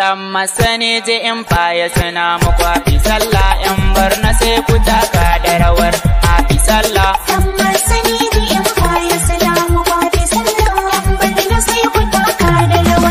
Dan masani ji in faye suna muku hafi sallah yan sai da rawar hafi sallah. in yan barna sai ku taka da rawar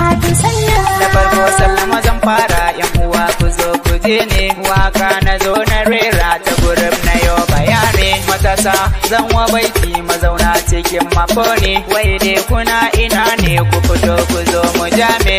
hafi sallah. salla. zan fara yan uwa ku kuje ne waka na zo na rera ta gurin na yau matasa zan wa baiki mazauna cikin mafoni wai dai kuna ina ne ku fito ku zo mu jame.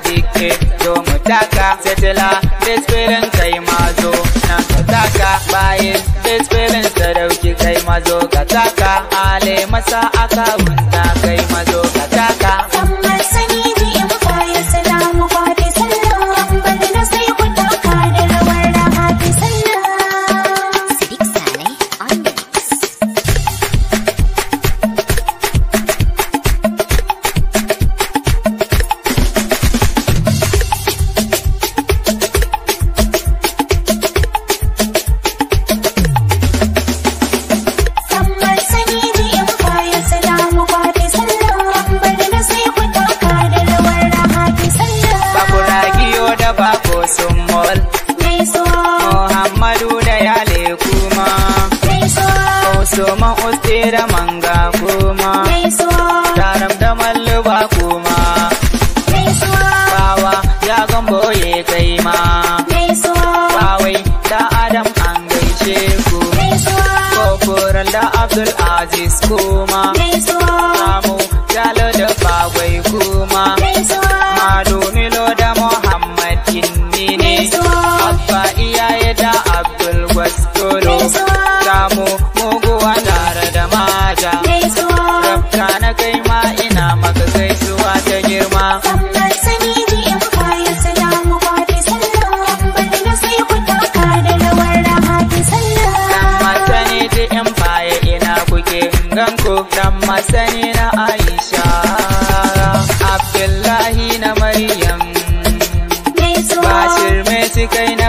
dike zo mu taka desperen kai mazo na kataka Baye desperen desperin sadauki kai mazo ka taka ale masa aka naka usman uste da manga kuma taram da malluba kuma bawa ya gambo ya kai ma bawai da adam an gaishe ku kokoran da abdul aziz kuma samu jalo da bagwai kuma malu milo da muhammad kinni ne abba iyaye da abdul gwastolo samu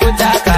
ku taka